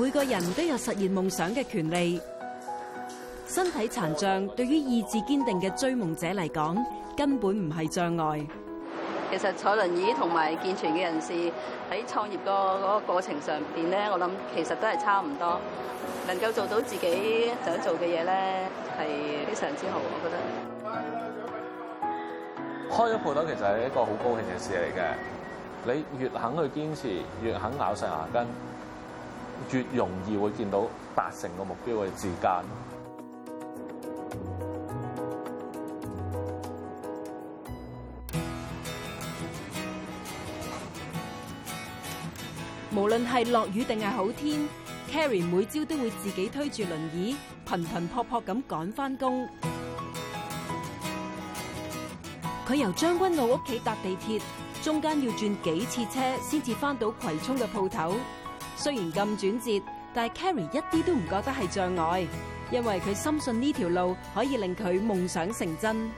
每個人都有實現夢想嘅權利。身體殘障對於意志堅定嘅追夢者嚟講，根本唔係障礙。其實坐輪椅同埋健全嘅人士喺創業個個過程上邊咧，我諗其實都係差唔多。能夠做到自己想做嘅嘢咧，係非常之好，我覺得。開咗鋪頭其實係一個好高興嘅事嚟嘅。你越肯去堅持，越肯咬實牙根，越容易會見到達成個目標嘅時間。無論係落雨定係好天 ，Carrie 每朝都會自己推住輪椅， 頻頻撲撲咁趕翻工。佢 由將軍澳屋企搭地鐵，中間要轉幾次車先至翻到葵涌嘅鋪頭。雖然咁轉折，但係 Carrie 一啲都唔覺得係障礙，因為佢深信呢條路可以令佢夢想成真。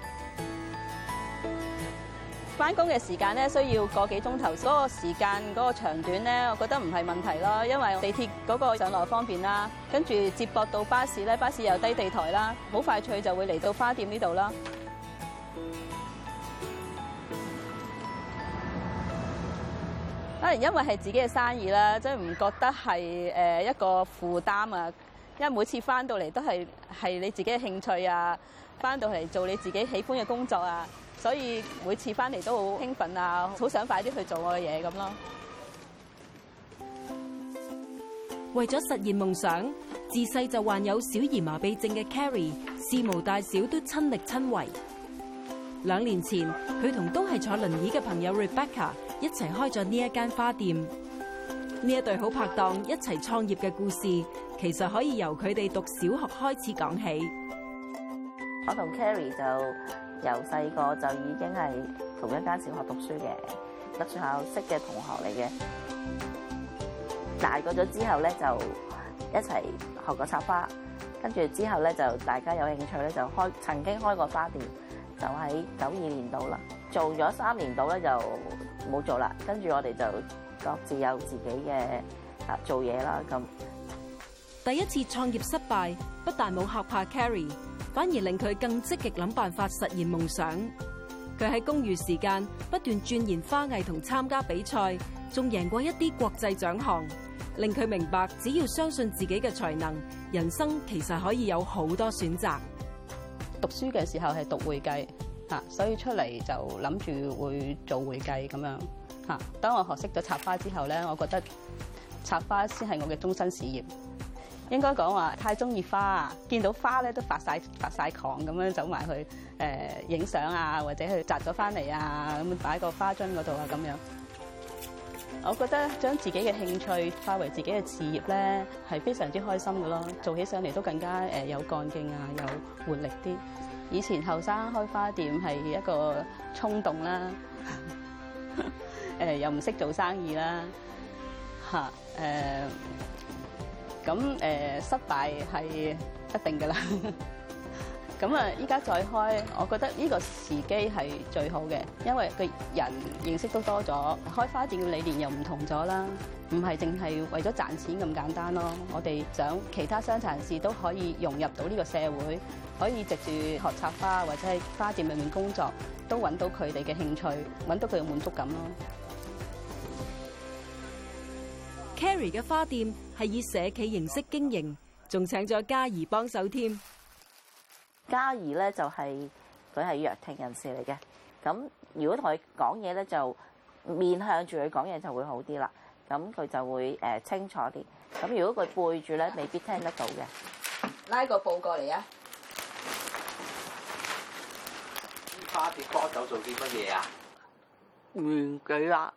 翻工嘅時間咧需要個幾鐘頭，嗰個時間嗰個長短咧，我覺得唔係問題囉，因為地鐵嗰個上落方便啦，跟住接駁到巴士咧，巴士又低地台啦，好快脆就會嚟到花店呢度啦。當然，因為係自己嘅生意啦，即係唔覺得係誒一個負擔啊！因為每次翻到嚟都係係你自己嘅興趣啊，翻到嚟做你自己喜歡嘅工作啊，所以每次翻嚟都好興奮啊，好想快啲去做我嘅嘢咁咯。為咗實現夢想，自細就患有小兒麻痹症嘅 Carrie 事無大小都親力親為。兩年前，佢同都係坐輪椅嘅朋友 Rebecca，一齊開咗呢一間花店，呢一對好拍檔一齊創業嘅故事，其實可以由佢哋讀小學開始講起。我同 Carrie 就由細個就已經係同一間小學讀書嘅，讀書校識嘅同學嚟嘅。大個咗之後咧，就一齊學過插花，跟住之後咧就大家有興趣咧就開，曾經開過花店，就喺九二年度啦。做咗三年度咧就。冇做啦，跟住我哋就各自有自己嘅啊做嘢啦。咁第一次創業失敗，不但冇嚇怕 Carrie，反而令佢更積極諗辦法實現夢想。佢喺公餘時間不斷鑽研花藝同參加比賽，仲贏過一啲國際獎項，令佢明白只要相信自己嘅才能，人生其實可以有好多選擇。讀書嘅時候係讀會計。啊，所以出嚟就諗住會做會計咁樣。嚇，當我學識咗插花之後咧，我覺得插花先係我嘅終身事業。應該講話太中意花啊，見到花咧都發晒發晒狂咁樣走埋去呃影相啊，或者去摘咗翻嚟啊，咁擺個花樽嗰度啊咁樣。我覺得將自己嘅興趣化為自己嘅事業咧，係非常之開心嘅咯。做起上嚟都更加呃有幹勁啊，有活力啲。以前後生開花店係一個衝動啦，誒又唔識做生意啦，嚇誒，咁誒失敗係一定㗎喇。咁啊！依家再開，我覺得呢個時機係最好嘅，因為個人認識都多咗，開花店嘅理念又唔同咗啦，唔係淨係為咗賺錢咁簡單咯。我哋想其他傷殘人士都可以融入到呢個社會，可以藉住學插花或者係花店裏面工作，都揾到佢哋嘅興趣，揾到佢嘅滿足感咯。Carrie 嘅花店係以社企形式經營，仲請咗嘉儀幫手添。嘉儀咧就係佢係弱聽人士嚟嘅，咁如果同佢講嘢咧，就面向住佢講嘢就會好啲啦，咁佢就會誒、呃、清楚啲。咁如果佢背住咧，未必聽得到嘅。拉個布過嚟啊！花店幫手做啲乜嘢啊？面具啦，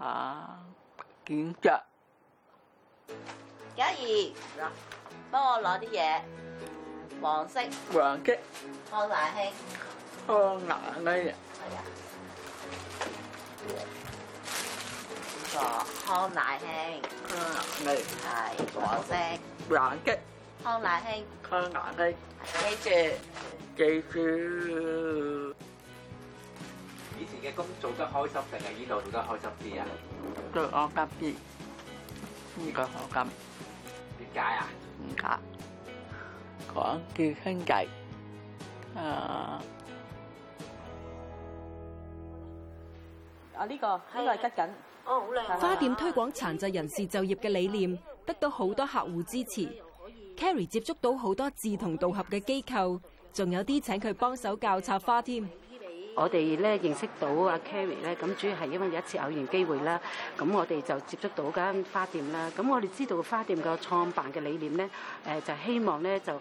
嚇，件着嘉儀，嗱，幫我攞啲嘢。黃色黃吉康乃馨康乃馨係啊，呢個康乃馨康乃馨係黃色黃吉康乃馨康乃馨記住記住，以前嘅工做得開心定係呢度做得開心啲啊？做五金呢個五金點解啊？唔該！佢生計啊！呢、這個呢、這個係吉緊、哦，好靚，花店推廣殘疾人士就業嘅理念，得到好多客戶支持。Carrie 接觸到好多志同道合嘅機構，仲有啲請佢幫手教插花添。我哋咧認識到阿 Carrie 咧，咁主要係因為有一次偶然機會啦，咁我哋就接觸到間花店啦。咁我哋知道花店個創辦嘅理念咧，誒就希望咧就誒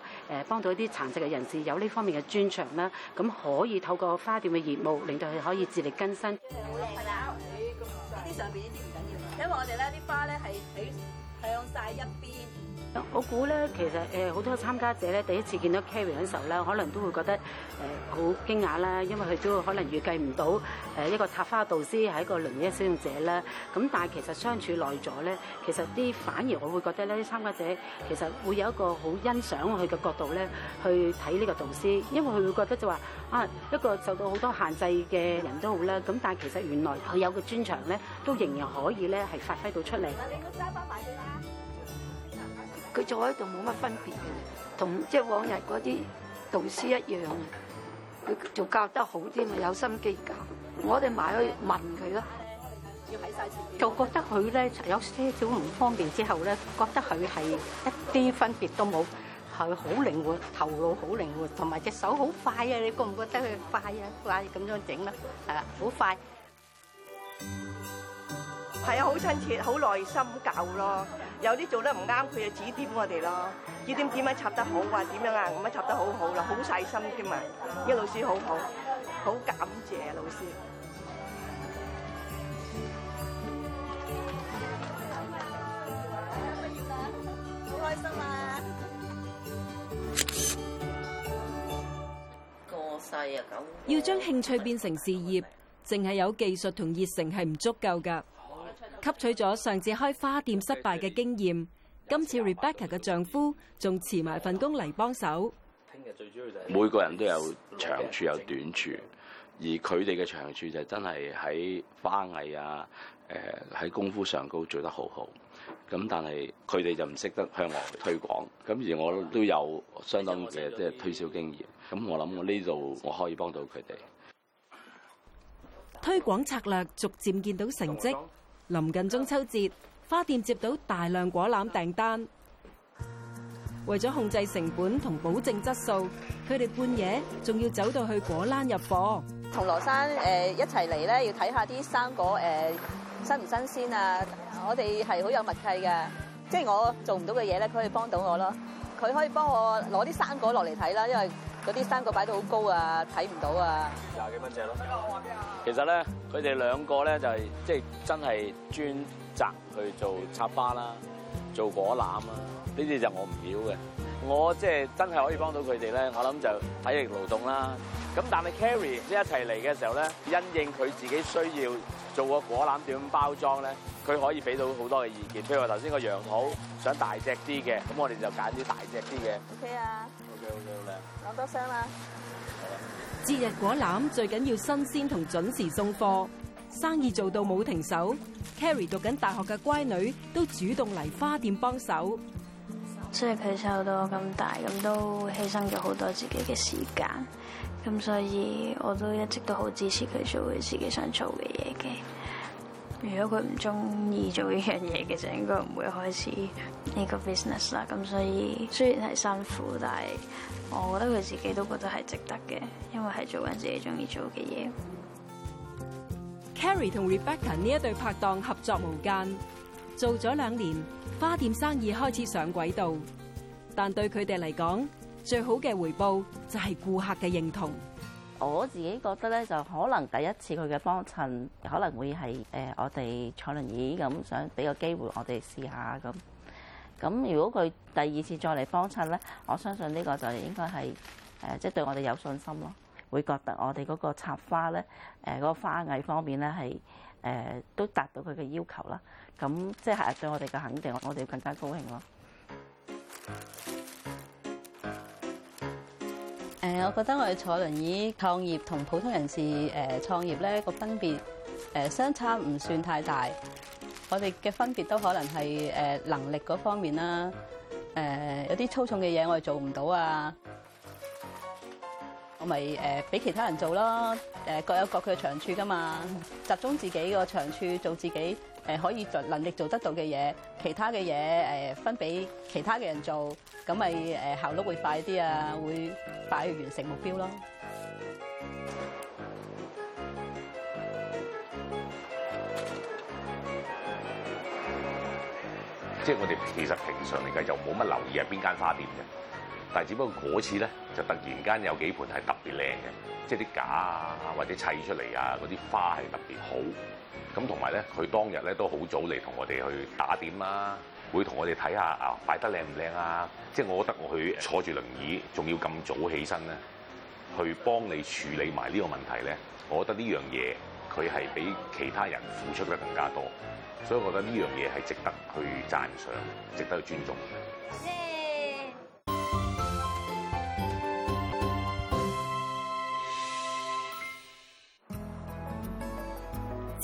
幫到一啲殘疾嘅人士有呢方面嘅專長啦。咁可以透過花店嘅業務，令到佢可以自力更生。係啦，呢啲上邊呢啲唔緊要。因為我哋咧啲花咧係喺向晒一邊。我估咧，其實誒好多參加者咧，第一次見到 Carrie 嘅時候咧，可能都會覺得誒好驚訝啦，因為佢都可能預計唔到誒一個插花導師係一個輪椅使用者啦。咁但係其實相處耐咗咧，其實啲反而我會覺得咧，啲參加者其實會有一個好欣賞佢嘅角度咧，去睇呢個導師，因為佢會覺得就話、是、啊一個受到好多限制嘅人都好啦。咁但係其實原來佢有個專長咧，都仍然可以咧係發揮到出嚟。啦、嗯。坐喺度冇乜分別嘅，同即係往日嗰啲導師一樣嘅，佢就教得好啲嘛，有心機教。我哋埋去問佢咯，就覺得佢咧有些少唔方便。之後咧，覺得佢係一啲分別都冇，係好靈活，頭腦好靈活，同埋隻手好快啊！你覺唔覺得佢快啊？快咁樣整啦，啊，好快，係啊，好親切，好耐心教咯。有啲做得唔啱，佢就指點我哋咯，指點點樣插得好，話點樣啊，咁樣插得好好啦，好細心添啊，啲老師好好，好感謝老師。好開心啊！過世啊！咁要將興趣變成事業，淨係有技術同熱誠係唔足夠㗎。吸取咗上次開花店失敗嘅經驗，今次 Rebecca 嘅丈夫仲辭埋份工嚟幫手。聽日最主要就係，每個人都有長處有短處，而佢哋嘅長處就真係喺花藝啊，誒喺功夫上高做得好好。咁但係佢哋就唔識得向外推廣，咁而我都有相當嘅即係推銷經驗，咁我諗我呢度我可以幫到佢哋。推廣策略逐漸見到成績。臨近中秋節，花店接到大量果籃訂單。為咗控制成本同保證質素，佢哋半夜仲要走到去果欄入貨。同羅山誒一齊嚟咧，要睇下啲生果誒新唔新鮮啊！我哋係好有默契嘅，即係我做唔到嘅嘢咧，佢可以幫到我咯。佢可以幫我攞啲生果落嚟睇啦，因為。嗰啲三個擺到好高啊，睇唔到啊！廿幾蚊隻咯。其實咧，佢哋兩個咧就係即係真係專責去做插花啦，做果籃啊。呢啲就我唔要嘅。我即係真係可以幫到佢哋咧，我諗就體力勞動啦。咁但係 Carrie 一齊嚟嘅時候咧，因應佢自己需要做個果籃點樣包裝咧，佢可以俾到好多嘅意見。譬如話頭先個楊桃想大隻啲嘅，咁我哋就揀啲大隻啲嘅。OK 啊！攞多箱啦！節日果籃最緊要新鮮同準時送貨，生意做到冇停手。Carrie 讀緊大學嘅乖女都主動嚟花店幫手。所以佢湊到咁大，咁都犧牲咗好多自己嘅時間，咁所以我都一直都好支持佢做佢自己想做嘅嘢嘅。如果佢唔中意做呢樣嘢，其實就應該唔會開始呢個 business 啦。咁所以雖然係辛苦，但係我覺得佢自己都覺得係值得嘅，因為係做緊自己中意做嘅嘢。Carrie 同 Rebecca 呢一對拍檔合作無間，做咗兩年花店生意開始上軌道，但對佢哋嚟講，最好嘅回報就係顧客嘅認同。我自己覺得咧，就可能第一次佢嘅幫襯可能會係誒、呃、我哋坐輪椅咁，想俾個機會我哋試下咁。咁如果佢第二次再嚟幫襯咧，我相信呢個就應該係誒，即係對我哋有信心咯，會覺得我哋嗰個插花咧誒，嗰個花藝方面咧係誒都達到佢嘅要求啦。咁即係對我哋嘅肯定，我哋要更加高興咯。嗯。我覺得我哋坐輪椅創業同普通人士誒創、呃、業咧個分別、呃、相差唔算太大。我哋嘅分別都可能係、呃、能力嗰方面啦、呃。有啲粗重嘅嘢我哋做唔到啊，我咪誒俾其他人做咯。各有各佢嘅長處㗎嘛，集中自己個長處做自己。誒可以做能力做得到嘅嘢，其他嘅嘢誒分俾其他嘅人做，咁咪誒效率會快啲啊，會快去完成目標咯。即係我哋其實平常嚟講，又冇乜留意係邊間花店嘅，但係只不過嗰次咧就突然間有幾盤係特別靚嘅，即係啲架啊或者砌出嚟啊嗰啲花係特別好。咁同埋咧，佢當日咧都好早嚟同我哋去打點啦，會同我哋睇下啊擺得靚唔靚啊？即係我覺得我佢坐住輪椅，仲要咁早起身咧，去幫你處理埋呢個問題咧，我覺得呢樣嘢佢係比其他人付出得更加多，所以我覺得呢樣嘢係值得去讚賞，值得去尊重。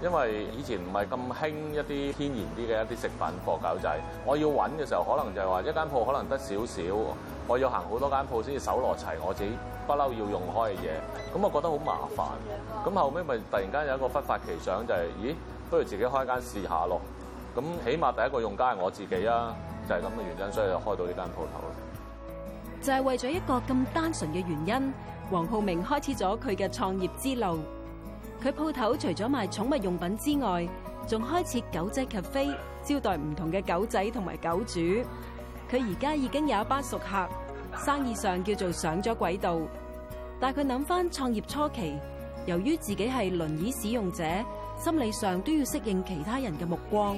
因為以前唔係咁興一啲天然啲嘅一啲食品貨餃仔，我要揾嘅時候可能就係話一間鋪可能得少少，我要行好多間鋪先至搜羅齊我自己不嬲要用開嘅嘢，咁我覺得好麻煩。咁後尾咪突然間有一個忽發奇想，就係咦，不如自己開間試下咯。咁起碼第一個用家係我自己啊，就係咁嘅原因，所以就開到呢間鋪頭。就係為咗一個咁單純嘅原因，黃浩明開始咗佢嘅創業之路。佢鋪頭除咗賣寵物用品之外，仲開設狗仔咖啡，招待唔同嘅狗仔同埋狗主。佢而家已經有一班熟客，生意上叫做上咗軌道。但佢諗翻創業初期，由於自己係輪椅使用者，心理上都要適應其他人嘅目光。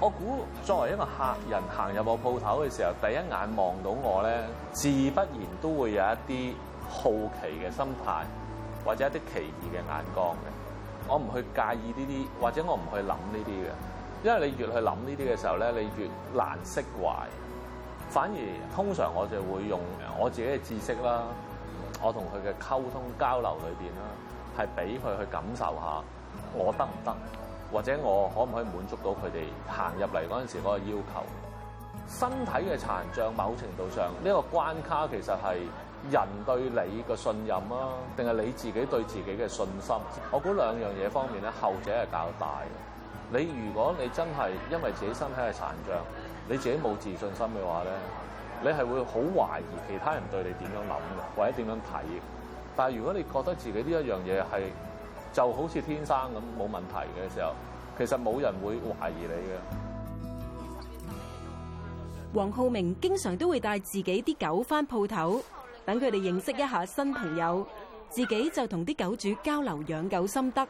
我估作為一個客人行入我鋪頭嘅時候，第一眼望到我咧，自不然都會有一啲好奇嘅心態。或者一啲奇異嘅眼光嘅，我唔去介意呢啲，或者我唔去諗呢啲嘅，因為你越去諗呢啲嘅時候咧，你越難釋懷。反而通常我就會用我自己嘅知識啦，我同佢嘅溝通交流裏面啦，係俾佢去感受下我得唔得，或者我可唔可以滿足到佢哋行入嚟嗰陣時嗰個要求。身體嘅殘障某程度上，呢個關卡其實係人對你嘅信任啊，定係你自己對自己嘅信心？我估兩樣嘢方面咧，後者係較大嘅。你如果你真係因為自己身體係殘障，你自己冇自信心嘅話咧，你係會好懷疑其他人對你點樣諗嘅，或者點樣睇嘅。但係如果你覺得自己呢一樣嘢係就好似天生咁冇問題嘅時候，其實冇人會懷疑你嘅。黃浩明經常都會帶自己啲狗返鋪頭，等佢哋認識一下新朋友，自己就同啲狗主交流養狗心得。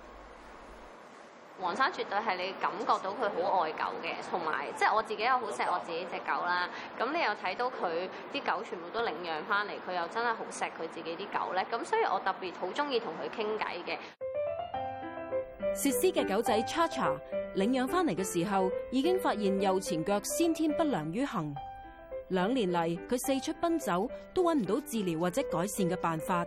黃生絕對係你感覺到佢好愛狗嘅，同埋即係我自己又好錫我自己隻狗啦。咁你又睇到佢啲狗全部都領養翻嚟，佢又真係好錫佢自己啲狗咧。咁所以我特別好中意同佢傾偈嘅。薛施嘅狗仔叉叉領養翻嚟嘅時候，已經發現右前腳先天不良於行。兩年嚟，佢四出奔走，都揾唔到治療或者改善嘅辦法。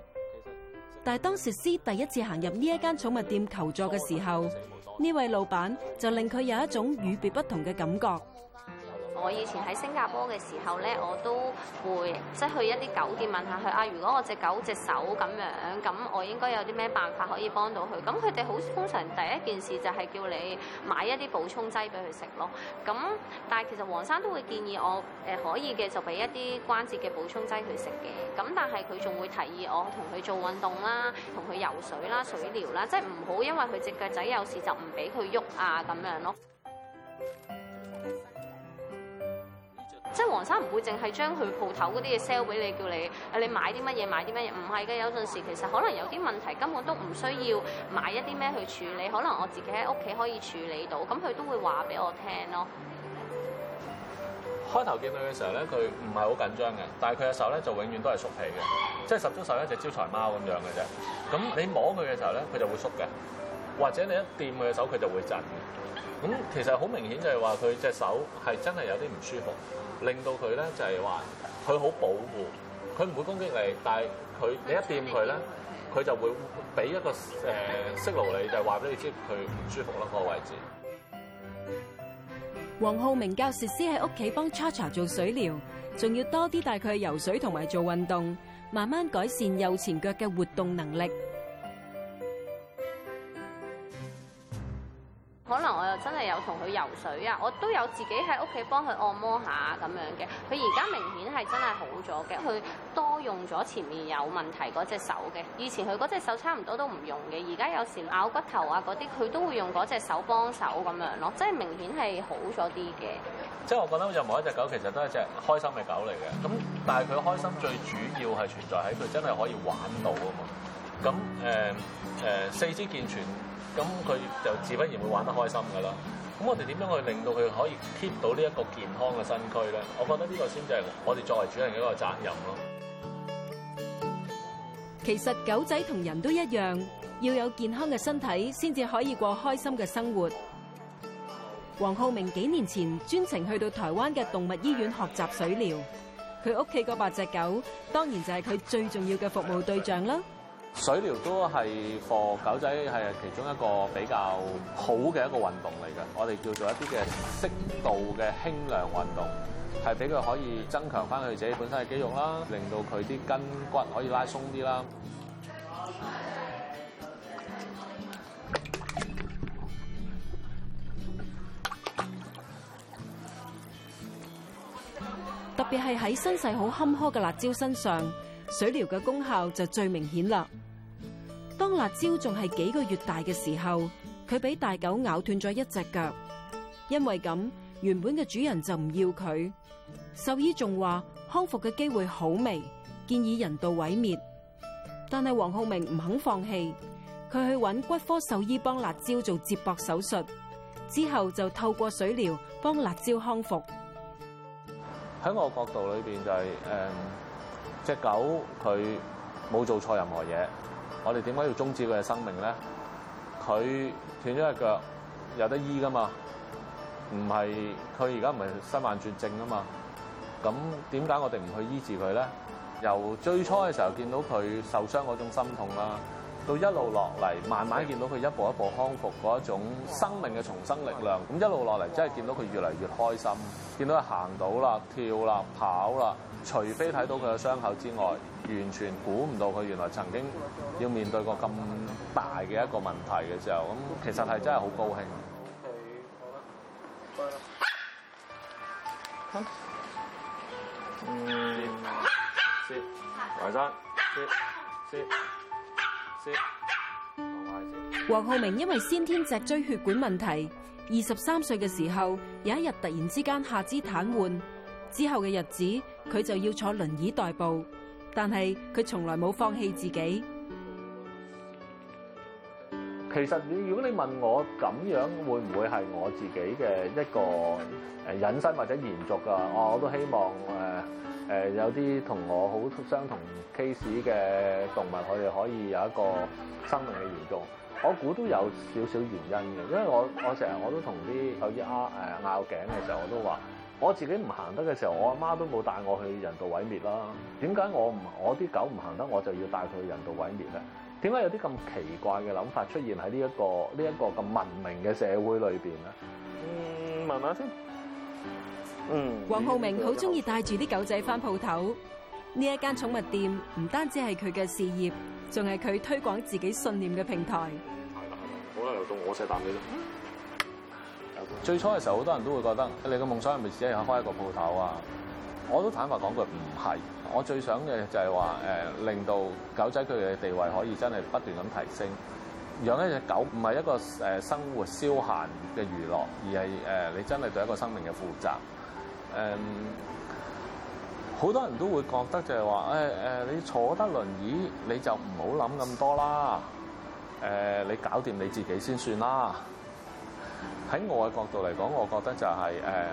但係當薛施第一次行入呢一間寵物店求助嘅時候，呢位老闆就令佢有一種與別不同嘅感覺。我以前喺新加坡嘅時候咧，我都會即係去一啲酒店問下佢啊。如果我隻狗隻手咁樣，咁我應該有啲咩辦法可以幫到佢？咁佢哋好通常第一件事就係叫你買一啲補充劑俾佢食咯。咁但係其實黃生都會建議我誒、呃、可以嘅就俾一啲關節嘅補充劑佢食嘅。咁但係佢仲會提議我同佢做運動啦，同佢游水啦、水療啦，即係唔好因為佢隻腳仔有事就唔俾佢喐啊咁樣咯。即係黃生唔會淨係將佢鋪頭嗰啲嘢 sell 俾你，叫你你買啲乜嘢買啲乜嘢。唔係嘅，有陣時其實可能有啲問題根本都唔需要買一啲咩去處理，可能我自己喺屋企可以處理到。咁佢都會話俾我聽咯。開頭見佢嘅時候咧，佢唔係好緊張嘅，但係佢嘅手咧就永遠都係縮起嘅，即係十足手一隻招財貓咁樣嘅啫。咁你摸佢嘅時候咧，佢就會縮嘅；或者你一掂佢嘅手，佢就會震。咁其實好明顯就係話佢隻手係真係有啲唔舒服。令到佢咧就係話，佢好保護，佢唔會攻擊你，但係佢你一掂佢咧，佢就會俾一個誒 signal 你，就係話俾你知佢唔舒服咯個位置。黃浩明教設施喺屋企幫 ChaCha 做水療，仲要多啲帶佢去游水同埋做運動，慢慢改善右前腳嘅活動能力。可能我又真係有同佢游水啊！我都有自己喺屋企幫佢按摩下咁樣嘅。佢而家明顯係真係好咗嘅，佢多用咗前面有問題嗰隻手嘅。以前佢嗰隻手差唔多都唔用嘅，而家有時咬骨頭啊嗰啲，佢都會用嗰隻手幫手咁樣咯。即係明顯係好咗啲嘅。即係我覺得，任何一隻狗其實都係隻開心嘅狗嚟嘅。咁但係佢開心最主要係存在喺佢真係可以玩到啊嘛。咁、呃呃、四肢健全。咁佢就自不然會玩得開心㗎喇。咁我哋點樣去令到佢可以 keep 到呢一個健康嘅身軀咧？我覺得呢個先至係我哋作為主人嘅一個責任咯。其實狗仔同人都一樣，要有健康嘅身體先至可以過開心嘅生活。黃浩明幾年前專程去到台灣嘅動物醫院學習水療，佢屋企嗰八隻狗當然就係佢最重要嘅服務對象啦。水療都係幫狗仔係其中一個比較好嘅一個運動嚟嘅，我哋叫做一啲嘅適度嘅輕量運動，係俾佢可以增強返佢自己本身嘅肌肉啦，令到佢啲筋骨可以拉鬆啲啦。特別係喺身世好坎坷嘅辣椒身上，水療嘅功效就最明顯啦。當辣椒仲係幾個月大嘅時候，佢俾大狗咬斷咗一隻腳，因為咁原本嘅主人就唔要佢。獸醫仲話康復嘅機會好微，建議人道毀滅。但係黃浩明唔肯放棄，佢去揾骨科獸醫幫辣椒做接駁手術，之後就透過水療幫辣椒康復。喺我角度裏邊就係、是，誒、嗯，隻狗佢冇做錯任何嘢。我哋點解要終止佢嘅生命咧？佢斷咗隻腳，有得醫㗎嘛？唔係，佢而家唔係身患絕症啊嘛？咁點解我哋唔去醫治佢咧？由最初嘅時候見到佢受傷嗰種心痛啦、啊。到一路落嚟，慢慢見到佢一步一步康復嗰一種生命嘅重生力量。咁一路落嚟，真係見到佢越嚟越開心，見到佢行到啦、跳啦、跑啦。除非睇到佢嘅傷口之外，完全估唔到佢原來曾經要面對過咁大嘅一個問題嘅時候。咁其實係真係好高興。好啦，嗯，先，先，先。黃浩明因為先天脊椎血管問題，二十三歲嘅時候有一日突然之間下肢癱瘓，之後嘅日子佢就要坐輪椅代步，但係佢從來冇放棄自己。其實你如果你問我咁樣會唔會係我自己嘅一個誒隱身或者延續噶？我都希望誒。誒、呃、有啲同我好相同 case 嘅動物，佢哋可以有一個生命嘅延續。我估都有少少原因嘅，因為我我成日我都同啲有啲拗誒拗頸嘅時候，我都話我自己唔行得嘅時候，我阿媽都冇帶我去人道毀滅啦。點解我唔我啲狗唔行得，我就要帶佢去人道毀滅咧？點解有啲咁奇怪嘅諗法出現喺呢一個呢一個咁文明嘅社會裏面咧？嗯，慢慢先。嗯、黃浩明好中意帶住啲狗仔翻鋪頭。呢一間寵物店唔單止係佢嘅事業，仲係佢推廣自己信念嘅平台。係啦係啦，好啦，由到我食啖你啦。最初嘅時候，好多人都會覺得你嘅夢想係咪只係開一個鋪頭啊？我都坦白講句，唔係。我最想嘅就係話誒，令到狗仔佢哋嘅地位可以真係不斷咁提升。養一隻狗唔係一個誒生活消閒嘅娛樂，而係誒、呃、你真係對一個生命嘅負責。誒、嗯，好多人都會覺得就係話、哎呃、你坐得輪椅你就唔好諗咁多啦、呃。你搞掂你自己先算啦。喺我嘅角度嚟講，我覺得就係、係、誒、呃，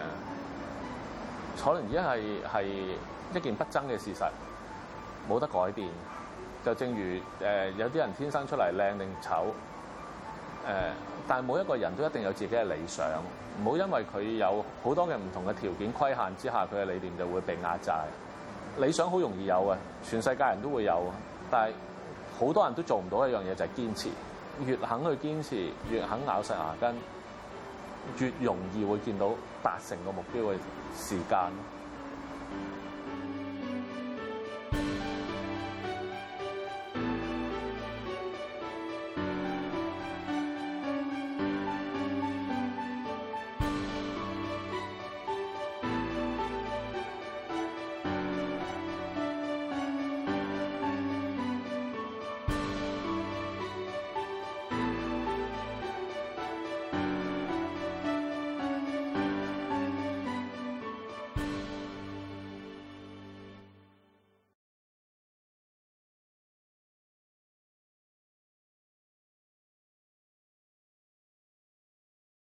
坐輪椅係一件不爭嘅事實，冇得改變。就正如、呃、有啲人天生出嚟靚定醜。但、呃、但每一個人都一定有自己嘅理想。唔好因為佢有好多嘅唔同嘅條件規限之下，佢嘅理念就會被壓制。理想好容易有嘅，全世界人都會有，但係好多人都做唔到一樣嘢，就係堅持。越肯去堅持，越肯咬實牙根，越容易會見到達成個目標嘅時間。